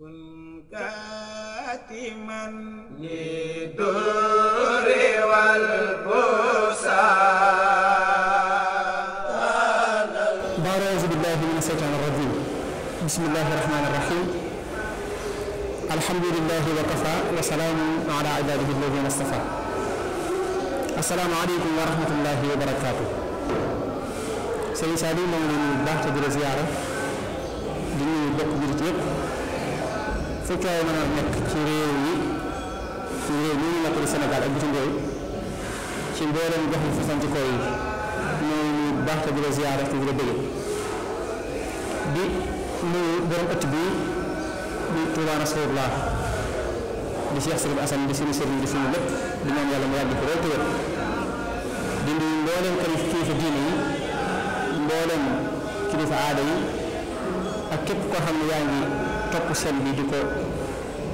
كن كاتما للدر والبوسان بعد أعوذ بالله من الشيطان الرجيم بسم الله الرحمن الرحيم الحمد لله وكفى وسلام على عباده الذين اصطفى السلام عليكم ورحمة الله وبركاته sëriñ Saliou moom la ñu baax te di la ziyaara di nuyu bokk jullit yëpp fu coow mën a nekk ci réew yi ci réew yi ñu nekk di Sénégal ak bitim ci mbooleem gox yi fasantikoo yi ñooy ñu baax te di la ziyaara te di la bëgg di nuyu borom ëtt bi di Touba Rasulullah di Cheikh Serigne Assane di suñu sëriñ di suñu lépp di ñaan yàlla mu yàgg ko lool tëwét di nuyu mbooleem kilifa kilifa aada yi ak képp koo xam ne yaa topp seen bi di ko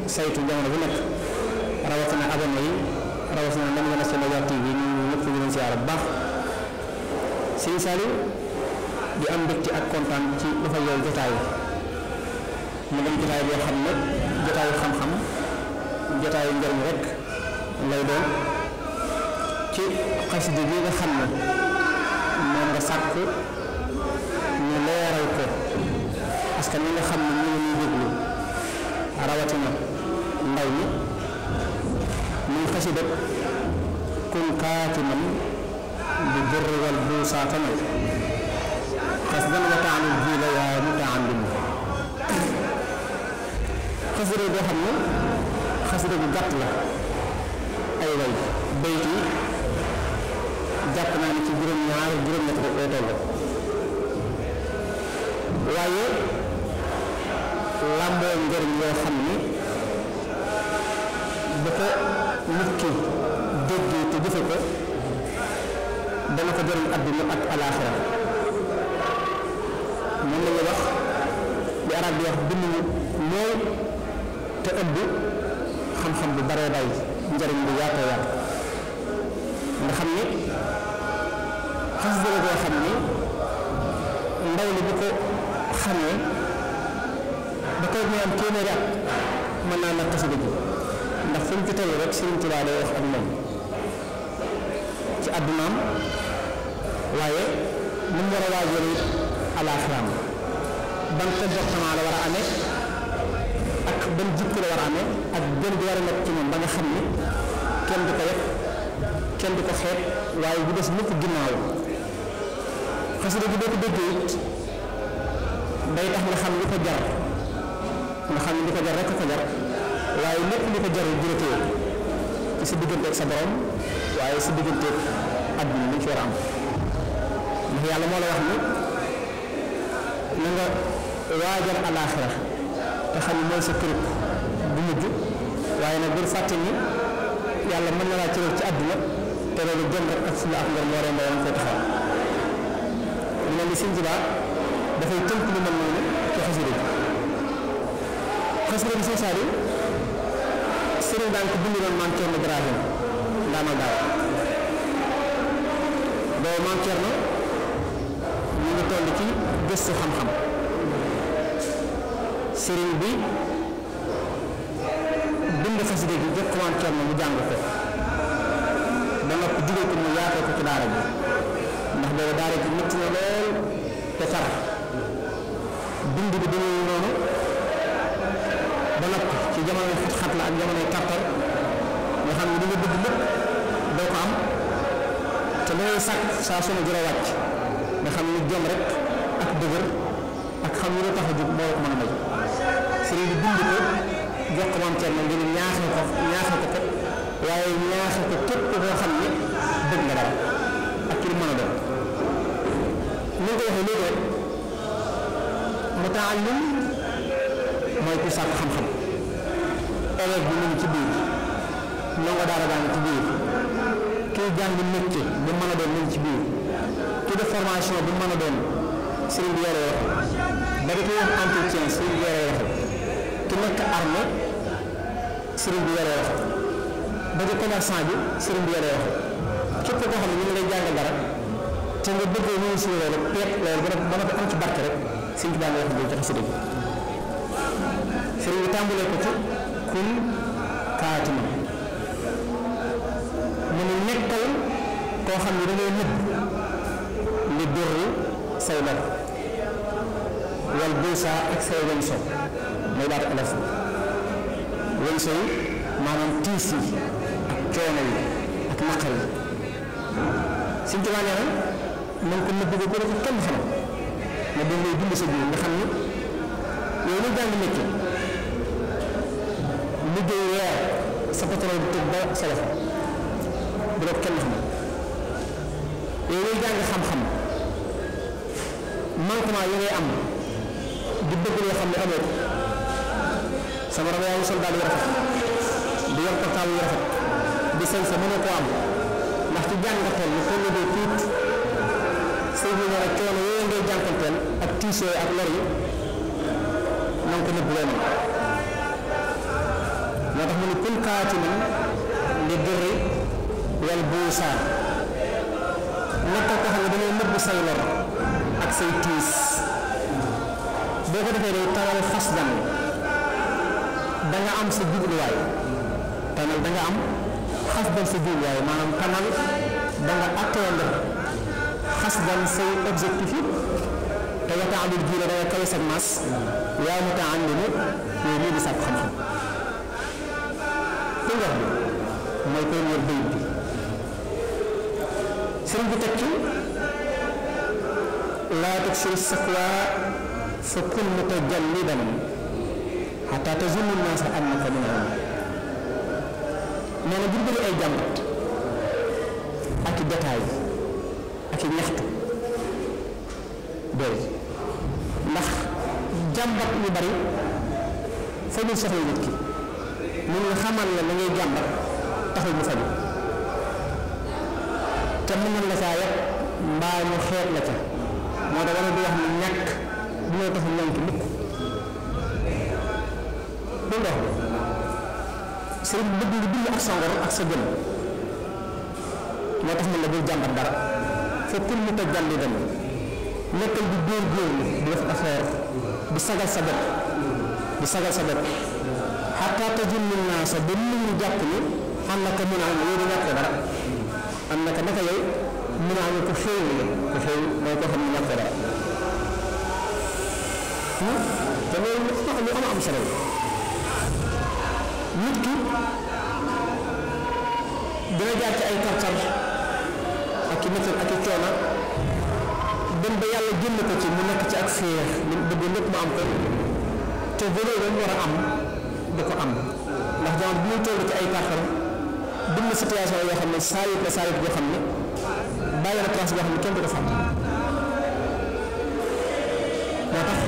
saytu jamono bu nekk rawatina abonné yi rawatina ndam nga na seen Média TV yi ñun ñu leen siyaar am mbégte ak kontaan ci dafa yow jotaay mu dem jotaay boo xam ne jotaayu xam-xam jotaayu njëriñ rek lay doon ci xasida bi nga xam ne moom nga sàkk ndaw ñi muy xasida kun kaatiman bi birri wal buusaatana qasdan wa taalul jiila yaa mutaallim xasida boo xam ne xasida bu gàtt la ay way bayt jàpp naa ne ci juróom-ñaar juróom-ñett daf koy toll waaye làmboo njëriñ yoo xam ni bu ko nit ki déggee te jëfe ko dana ko jëriñ ak alaaxira moom la ñuy wax li arab bi wax bind mu néew te ëpp xam-xam bu baree bay njëriñ bu yaatoo yaat nga xam ni xas dëgg boo xam ni ndaw li bu ko xamee da koy ñaan téeméeri at mën naa la xasida ndax fu mu ci toll rek Sëriñ Tuubaa day wax ak moom ci addunaam waaye ni mu war a waajal it alaaxiraam ban comportement la war a amee ak ban jikko la war a amee ak gën gi war a nekk ci moom ba nga xam ni kenn du ko yëpp kenn du ko xeeb waaye bu des lépp ginnaaw xasida bi boo ko déggee it day tax nga xam li ko jar nga xam ni li ko jar rek ko jar. waaye lépp lu ko jarul dina téye ci sa diggante sa borom waaye si diggante ak àdduna li ci war a am moo la wax ni na nga alaaxira te mooy sa kërib bu mujj waaye nag bul fàtte ni yàlla mën na laa cëral ci àdduna te loolu jëm rek ak suñu ak ngor moo reen dayam koy taxaw mu mel ni Sëñ Tuubaa dafay tënk lu mel noonu ci xasida bi xasida bi seen saa président ko bindoon maam Thierno Birahim daana daaw boobu maam Thierno ñu ci gëstu xam-xam sëriñ bi bind mu jàng ko ci daara ji ndax boobu daara ji métti na lool te tar bind bi dañuy jamonoy tartar nga xam ne li nga bëgg lépp doo ko am te looy sàkk saa su ne jërë wàcc rek ak dëgër ne lu tax a jóg ko mën a ko ko xam ne bëgg nga dara ak ci lu mën a doon ni nga ko waxee léegi rek mu taallim mooy ku sàkk xam-xam élève bi mu ngi ci biir ndongo daara baa ngi ci biir kiy jàng métier bu mën a doon mu ngi ci biir ki def formation bu mën a doon sëriñ bi yore waxee ba ki wax entretien sëriñ bi yore waxee ki nekk armée bi yore waxee ba ki commerçant bi sëriñ bi yore waxee képp koo xam ne ñu si loolu si ko ci kun kaatiman mu ne nekkal koo xam ne da ngay nëbb li dërri say dara wal buusa ak say wenso mooy baatu alaf wenso yi maanaam tiis yi ak coono yi ak naqar yi suñ ci wàññi man ko nëbb ko ko dafa kenn xamal ne da dund sa biir nga xam ne yow lu jàng métier liggéey weer sa pétrole bi tëj ba sa loxo bu doon kenn xam yow ngay jàng xam-xam manquement yi ngay am di bëgg loo xam ne amoo ko sama rab yaa ngi sol daal yu rafet di yor portaal yu rafet di sañ sa mënoo koo am ndax ci jàng nga toll lu toll nii day tuut sëñ bi nee na coono yooyu ngay jànkanteel ak tiisoo ak lor yi na nga ko nëbb moo tax mu ne kun qaatilan di dirri wal buusaan nekkal ko xam ne dañoo nëbb say lor ak say tiis boo ko defee day taral xasdan da nga am sa jubluwaay tanal da nga am xasdan sa jubluwaay maanaam tanal da nga atteindre xasdan say objectif yi te waxtaan bi jiw la da nga kawe sa maas yaa mu taa andi ne di sàkk xam kuy wax bi mooy koy wër bayit bi sëriñ bi teg ci laa teg seen fa kun mutajallidan xataa tazunnu naasa annaka minhum nee na bu bëri ay jàmbat ak i détail ak i ñaxtu doy ndax jàmbat yu bari fa ñu soxla nit ki mun nga xamal la la ngay jàmbat taxul mu faju te mu mën saa yëpp mbaa ñu xeet la ca moo tax wala di wax ne ñàkk bi bëgg ak sa ngor ak sa tax mën la bul jàmbat dara fekk pour mu tëj dem nekkal di góor góorlu di def affaire di sagal sa bopp di sagal sa bopp xatta tajunni naasa ba nit ñi jàpp ni am na ko mën a am yow du ñàkk dara am na ko naka yow mën a am ku xéew la ku xéew mooy koo xam ne ñàkk dara hmm? te loolu lu tax lu am am solo nit ki dina jaar ci ay tartar ak i métti ak i coono dem ba yàlla génn ko ci mu nekk ci ak féex li mu bëgg lépp mu am ko te bu loolu war a am ko am ndax jamono bi ñu toll ci ay tàqal dund na situation yoo xam ne saa yëpp la saa yëpp boo xam ne bàyyi na classe boo xam ne kenn du ko fàtte moo tax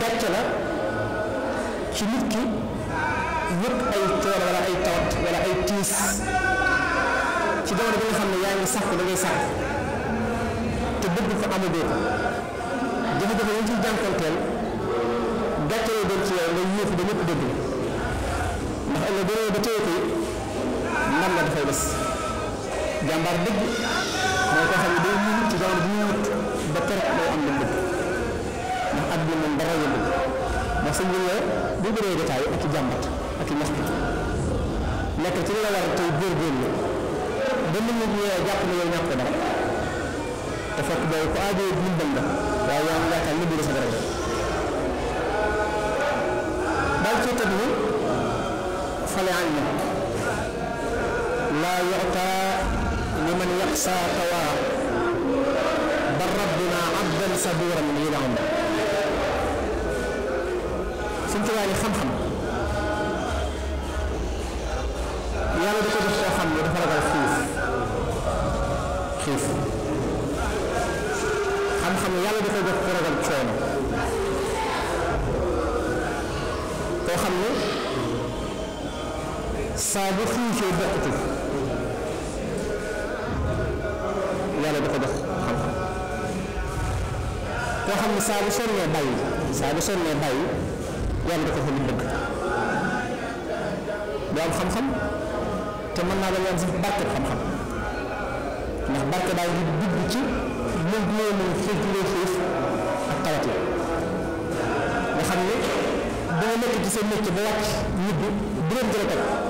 gàcce la ci nit ki yëpp ay coono wala ay tawat wala ay tiis xam ne yaa ngi sàkk da ngay sàkk te bëgg fa amadoo ko jafe-jafe gàcce la doon ci yow nga yéex ba ñëpp dégg la ndax ëllëg bu ba téye ko ndam la dafay des jàmbaar dëgg mooy koo xam ne day muñ ci jamono ba tere day am lu bëgg ndax at bi moom dara yëngu ndax sëñ bu bëree détail ak i jàmbat ak i ñaxtu nekk ci li la war a tey góorgóorlu ba nit ñi ñu jàpp ne yow ñàkk ko dara te fekk boobu mu la waaye yow yaakaar nga bëgg نفل عنه لا يعطى لمن يقسى طواه بل ربنا عبدا صبورا ينعم سنتي يعني خم خم bokkatu yàlla dafa ko xam-xam koo xam ne saa bu sonnee bàyyi saa bu sonnee bàyyi yàlla du am xam-xam te mën naa la yoon sax barke xam-xam ndax barke daal di dugg ci mën loo mën ak tawat la xam ne boo nekk ci sa ba wàcc ñibbi du leen gën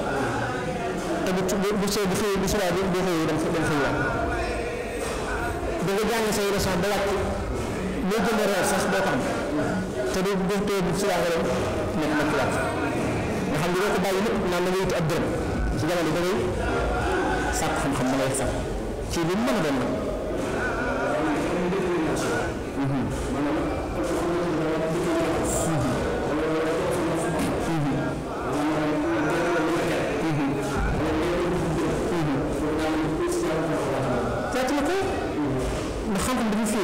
te bu bu see bu xëyee bu subaa bi bu da nga jàng say leçon ba wàcc loo jënd reer sax doo ko te du bu tee bu subaa nga dem nekk nag wàcc nga xam ne doo ko bàyyi lépp naan la nga wuti ab dërëm si jamono da ngay sàkk xam-xam da ngay sàkk ci lu mu mën a ko ndax xam-xam dafa fiir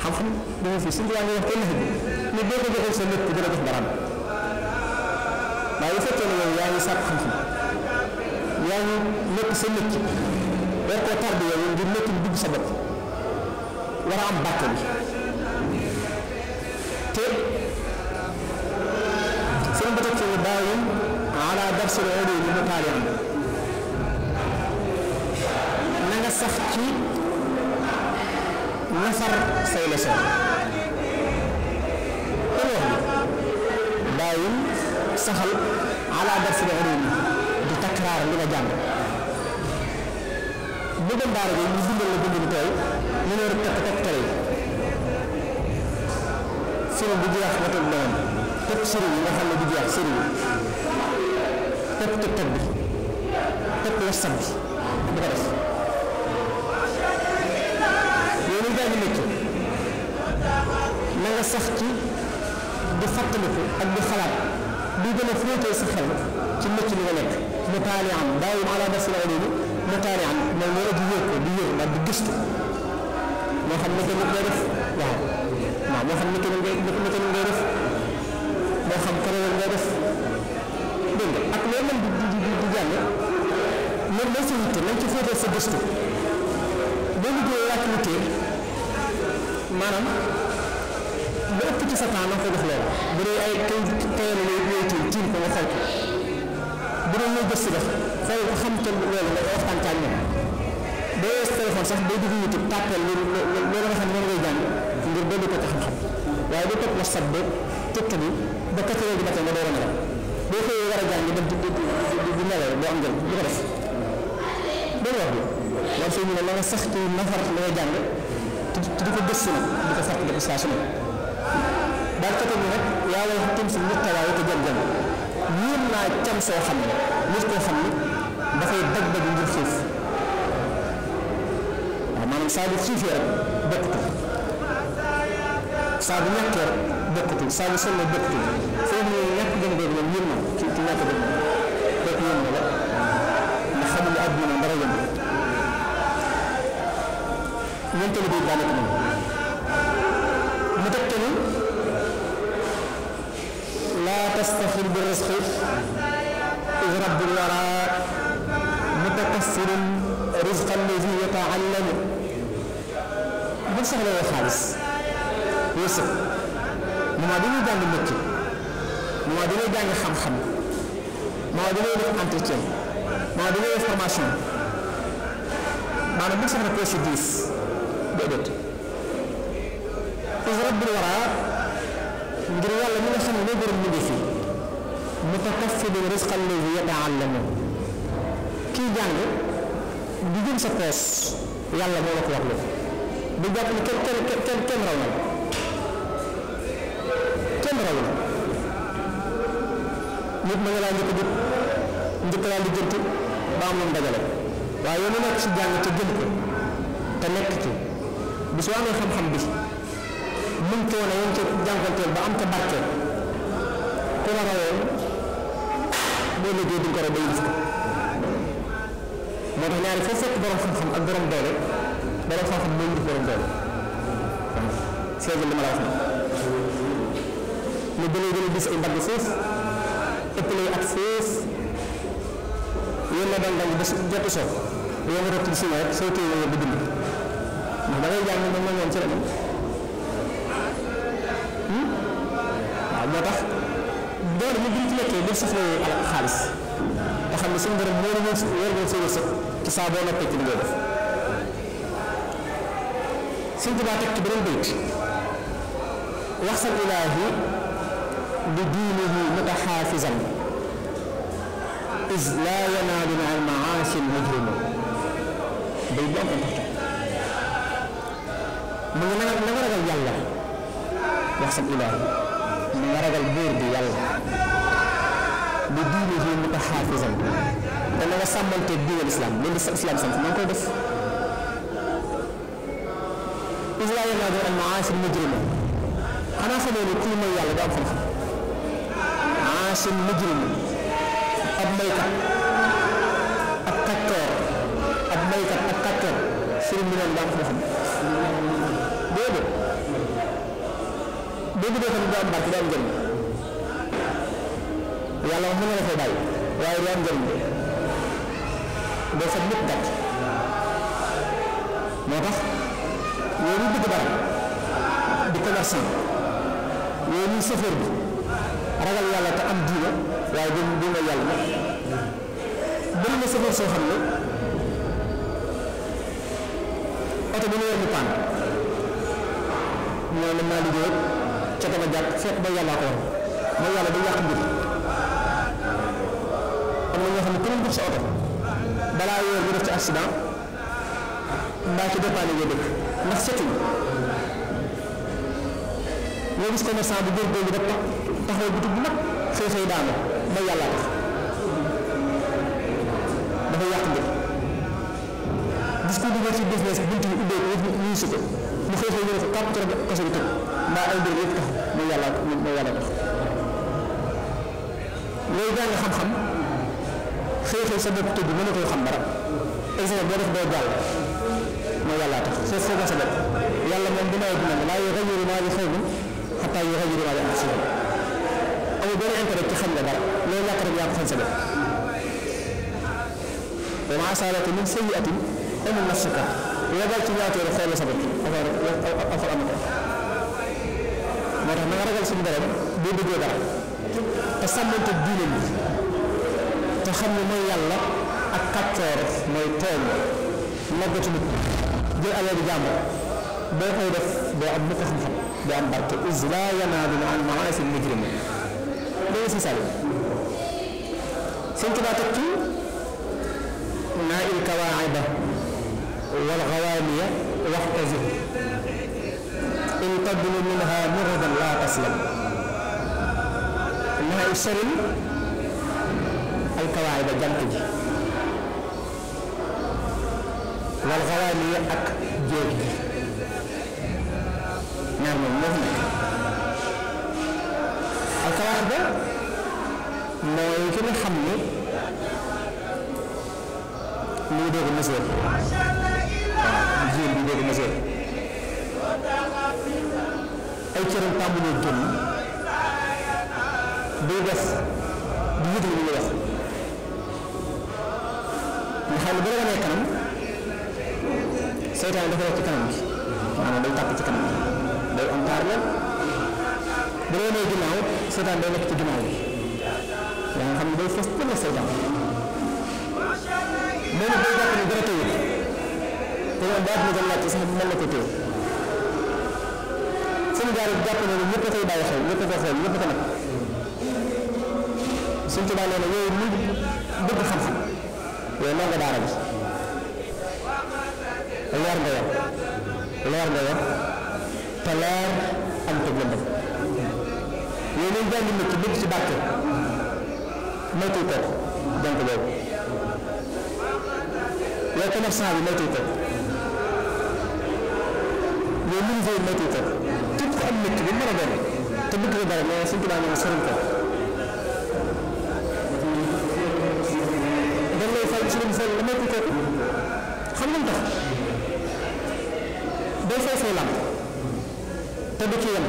xam-xam dafa fiir suñu diwaan yi wax ko bi mais boo ko joxee sa nit ku dina def daraam waaye bu xam-xam yaa ngi nekk sa nit war koo tardé yow ngir nekk dugg sa bopp war a bi te seen ba teg ci ne daawul ala darsil ulum mutaalian sax ci nafar say leçon élève bi daawul saxal ala darsi bi ulum di takraar li nga jàng bu dem daara bi ñu la bind bu tooy ñu ne war a tekk tekk tere sëriñ bu jeex nga teg doon teg sëriñ yi nga xam ne bu jeex sëriñ la sab bi bu ak métti nga sax ci di fàttaliku ak di xalaat di gën a fóotee sa xel ci métti li nekk mu taali am daawum ala basira léegi mu taali am mooy nga di wér ko di moo xam mécanique ngay def waaw waaw moo xam mécanique ngay mécanique ngay def moo xam keneen ngay def dégg nga ak loolu man di di di jàlle loolu mooy nañ ci maanaam lu ëpp ci sa temps na ko def loolu bu dee ay kay teel lay lay tiim tiim ko nga xool ko bu dee loo gëstu def xool ko xam te waxtaan ak ne ngay jàng ngir dolli ko ci xam-xam waaye du topp WhatsApp ba TikTok bi ba quatre heures du matin nga door a nelaw boo xëyee war a jàng dem di di di di nelaw doo am njëriñ du ko def loolu wax bi loolu soo mu ne la nga sax ci nafar la nga jàng te di ko gëstu nag di ko fàttali ko saa su ne daal ca tegu rek yaa ngi wax tamit suñu muttawaay ko jëm jëm ñun naa cam soo xam ne nit koo xam ne dafay dëgg dëgg ngir xiif waaw saa bu xiifee rek bokkutul saa bu ñàkkee rek bokkutul saa bu sonn bokkutul foo mu ñàkk gën a doon ñun moom ci ci ñàkk a doon rek dara yëngu. ñoom tali boobu daanaka moom mu teg te ni laa tastaxil bi risqi iz rabbul wara mutakassirin rizqa allazi yataallamu bu soxla woo xaalis wërsëg moment bi ñuy jàng métti moment bi ñuy jàng xam-xam moment bi ñuy def entretien moment bi ñuy def formation maanaam bu soxla poche 10 déedéet is rabbul waraa ngir yàlla mi nga xam ne mooy borom mu ngi fi mutakaffidun risqa allazi yata'allamu kii jàng di jëm sa poos yàlla moo la ko wax lu du jàpp ne kenn kenn kenn kenn raw na kenn raw na nit ma nga laa njëkk jub njëkk laa lijjanti ba am lu mu dajale waaye yow mi nekk ci jàng te jëm ko te nekk ci bi su amee xam-xam bi mën ko wane yéen ca jànkuwanteel ba am ca barke ku la rawoon boo liggéey duñ ko raw ba yëg ko moo tax ñaari foo fekk borom xam-xam ak borom doole borom xam-xam moo ñu ma la wax mu gën a gën a gis ay mbagg foofu ëpp lay at foofu yéen la daan daan ba jot a soog yow nga dund da ngay jàng ba mel noonu ci la mel hmm? waaw moo tax door bi bu ñu ci lekkee def soxla xaalis te xam ne suñu borom moo la wër wër sa wërsëg ci saa boo noppee ci li ngay def suñ tubaa teg ci beneen bayt wax sa ilaahi bi diinihi mutaxaafizan is laa yanaalu al maasi al mujrimu bay bu am mu ngi na nga ragal yàlla wax sam ilaahi mu nga ragal buur bi yàlla bi diine yi mu ko xaafisam te na nga sàmmante diinal islam li di islam sant maa ngi koy def islaayi naa doon al maasir mujrima xanaa xamoo ne kuy may yàlla du am xam-xam maasir mujrima ab maykat ak kattoor ab maykat ak kattoor sëriñ bi noonu du am xam-xam boo guddee tamit doo am barke doo am njëriñ yàlla mën na la fay bàyyi waaye doo am njëriñ doo sa nit gàtt moo tax yow ñu bëgg dara di commerçant yow ñu chauffeur bi ragal yàlla te am diina waaye du du yàlla bëri na chauffeur soo xam ne oto bi ñu paan ñoo mën naa liggéey ca dama jàpp fekk ba yàllaa ko war mooy yàlla day yàq mbir am na ñoo xam ne ku leen jox sa oto balaa weer bi def ci accident mbaa ci dépanne ngay dëkk ndax setul ñoo ba tax taxaw butig bu mag xëy xëy daanu ba yàllaa tax dafa yàq mbir gis ko dugal ci business buntu bi ubbee ko si ko mu xëy xëy ñu ne ko kàpp kaso bi tëj mbaa ay mbir yëpp tax mu yàlla mu yàlla def looy jàng xam-xam xëy xëy sa bopp tudd mënatoo xam dara exemple boo def doo jàll moo yàlla tax soo foog sa bopp yàlla moom bu nawet bi nag laa yughayyiru maa bi qawmin hattaa yughayyiru maa bi anfusihim amul benn intérêt ci xam nga dara loolu ñàkk ci ñaawteelu xoolal ma tax na nga te bi te xam ne mooy yàlla ak kàccoor mooy tooñ noggatu nit jël alal jàmm boo koy def doo am mukk xam-xam doo am is laa yanaaluna an maasi mujrimin danga si sàll sëñ Tuubaa teg ci naa il kawaayida wal gawaamiya تبن منها مردا لا تسلم ما يسلم القواعد جنتج والغوالي أك جيج نعم المهم القواعد mooy ki nga xam ne muy dégg mesure waaw jigéen bi dégg mesure ay cëram tàmbalee génn day def di yëg li muy wax nga xam ne bu la wanee kanam seytaan dafa wax ci kanam bi maanaam day tàpp ci kanam bi day am ci ginnaaw yaa nga xam ne day fas tënk seytaan moom it day jàpp ne dara tëye ko téye Sénégal yi jàpp na ne ñëpp a koy bàyyi xel ñëpp a koy xel ñëpp a ko nag suñ ci bàyyi ne yooyu ñu bëgg xam-xam yooyu noonu nga daara bi leer nga yor leer nga yor te leer am tëb la yooyu ñun jàng nit ki bëgg ci bàkke moytu toog jant boobu yow commerçant bi moytu toog yooyu ministère bi moytu toog am dañ lay xam nga tax day fay say lam te ci yem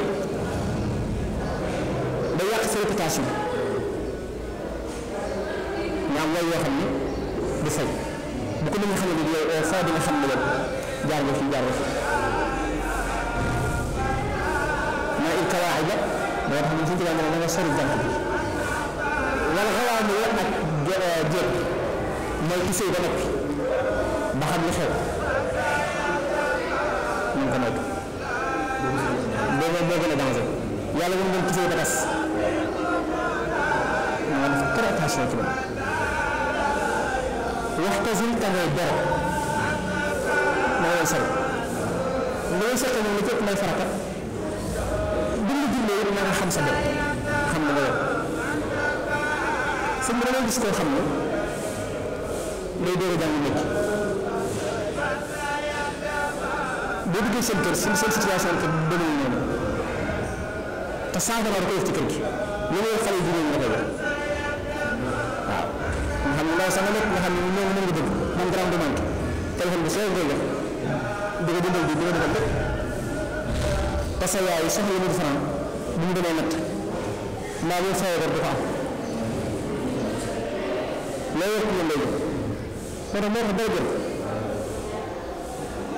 day yàq sa réputation nga am way yoo xam ne du fay bu ko ni nga xam ne bii yow saa di nga xam ne yow jaar nga fi jaar nga fi. xawaaxi ja moo tax ñu ci jigéen ñi dafa sori jant bi wala xawaa mu yor ak jéeg mooy ki sëy ba noppi ba xam li xew ñu ngi ko noppi boobu moo gën a danger yàlla bu mu doon ki sëy ba tas maanaam très attention ci loolu waxtazil te ngay bor moo lay sori looy sotti moom li ci ëpp may farata ku nar a xam sa bopp xam na nga sëñ bi da ngay gis koo xam ne day door a jàng métti boo duggee seen kër seen seen situation kër demee noonu te saafara da koy def ci kër gi lu muy xale jigéen nga koy def waaw nga xam ne ndaw sax nga nekk nga xam ne ñoom mën nga dëgg man grand demande téléphone bi soo koy def di ko jëndal bi di ko defal lépp te sa yaay soxla na du franc bu ñu demee natt maa ngi fay rek du ko am loolu yëpp ñun léegi kon moo tax day jël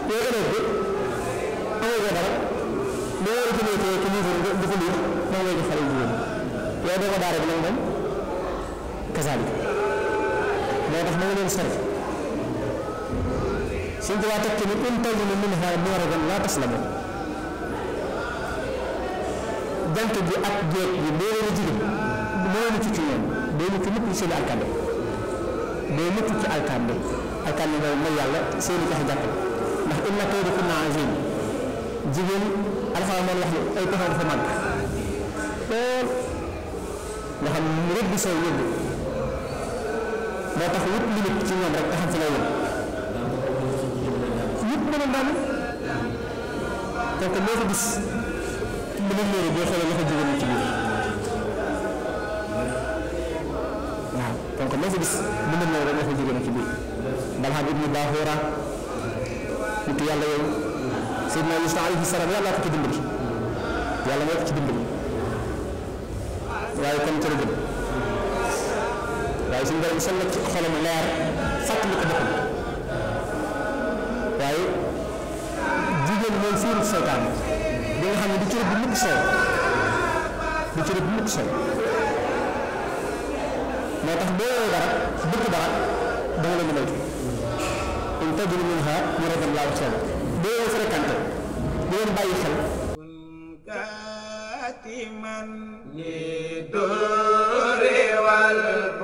yow élève bi amoo ko dara boo war a jëlee ci ci niveau bi di ko lire moom ngay jox xale jigéen yow doo ko daara bi nag moom kasaali moo tax na nga leen sori suñ ko waa teg ci ni une tonne la mën a xaar bu war a gën laa tas la moom bant bi ak jeeg bi boo leen a jigéen moo leen ci ñoom doo mucc mukk seen alkande doo ci alkande alkande mooy yàlla seen i pexe jàppal ndax inna kaydakunna ay pexe dafa màgg lool nga xam ci ñoom rek nga xam fi lay yóbbu yëpp mën a bi nga muuru boo xoolee loxo jigéen ñi ci biir waaw donc loo fi gis mën na muuru loxo jigéen ñi ci biir Balham ibnu Bahura nit yàlla yooyu Seydina Yuusufa alayhi salaam yàlla ko ci dimbali yàlla moo ko ci dimbali waaye kon cër gën waaye suñu borom sol na ci xolam leer fàttali ko boppam waaye jigéen mooy fiiru seytaan bi nga xam ne du cërëb bu mukk soow du cërëb bu mukk soow moo tax boo yoree dara bëgg dara da nga la mën a ji in tajri minha muradan laa waxee boo yoree fréquenté di leen bàyyi xel katiman li dóore wal